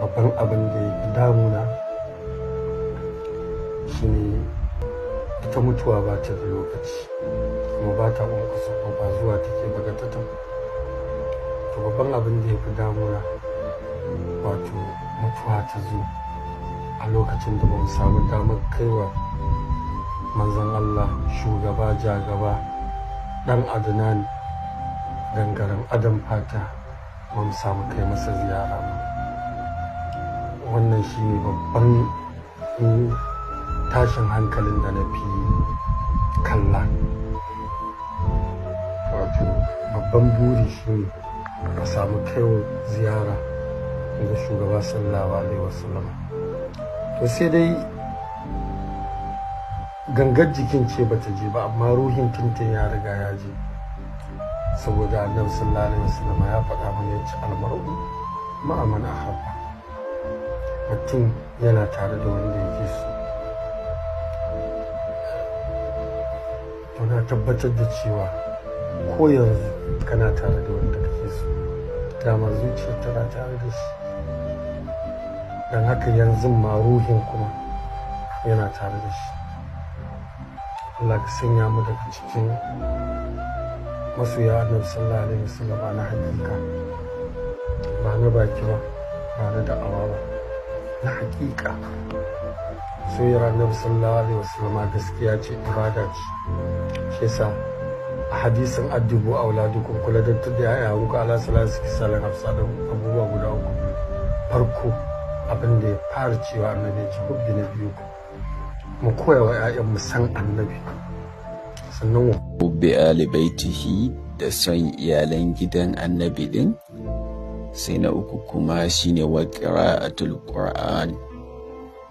babban abin da ya fi damuna shi ne ita mutuwa ba ta da lokaci kuma ba ta kusa ko ba zuwa take daga ta to babban abin da ya fi damuna wato mutuwa ta zo a lokacin da ba mu samu damar kaiwa manzan Allah shugaba jagaba dan adnan gangaren adam fata ba mu samu kai masa ziyara ba wannan shi ne babban mm, tashin hankalin da na fi kalla wato babban buri shi ne a samu kaiwa ziyara ga shugaba Sallawa alaihi wasallam to sai dai gangar jikin ce bata je ba amma ruhin tuntun ya riga ya je saboda annabi sallallahu alaihi wasallam ya faɗa mana ya ci almar'u ma'amana man mutum yana tare da wanda yake so muna tabbatar da cewa ko yanzu kana tare da wanda kake so dama zuciyar tana tare da shi don haka yanzu ma ruhin kuma yana tare da shi Allah ka sanya mu daga cikin masu yawon sallallahu alaihi wasallam na hakika ba na baki ba ba na da'awa ba na hakika soyayyar annabi sallallahu alaihi wasallama gaskiya ce ibada ce shi yasa a hadisin addubu auladukum kula da da ya yawo ku ala salatu hafsa da abubuwa guda uku farko abin da ya fara cewa annabi ya ci hubbi na biyu mu koya wa 'ya'yanmu san annabi sannan wa hubbi ali da son iyalan gidan annabi din sai na uku kuma shine wa qira'atul qur'an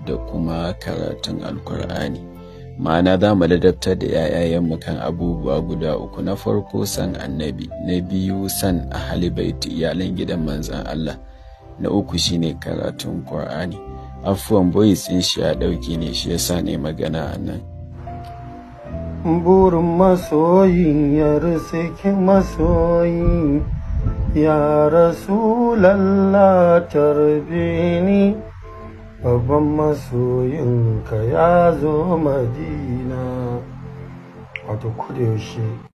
da kuma karatun alkur'ani ma'ana za mu ladabtar da 'ya'yayenmu kan abubuwa guda uku na farko san annabi na biyu san ahali baiti iyalin gidan manzan Allah na uku shine karatun qur'ani afuwan boyi tsin shi ya dauke ne shi yasa ne magana a nan burin masoyi ya risikin masoyi ya rasulallah tarbini babban masoyinka ya zo madina wato yaushe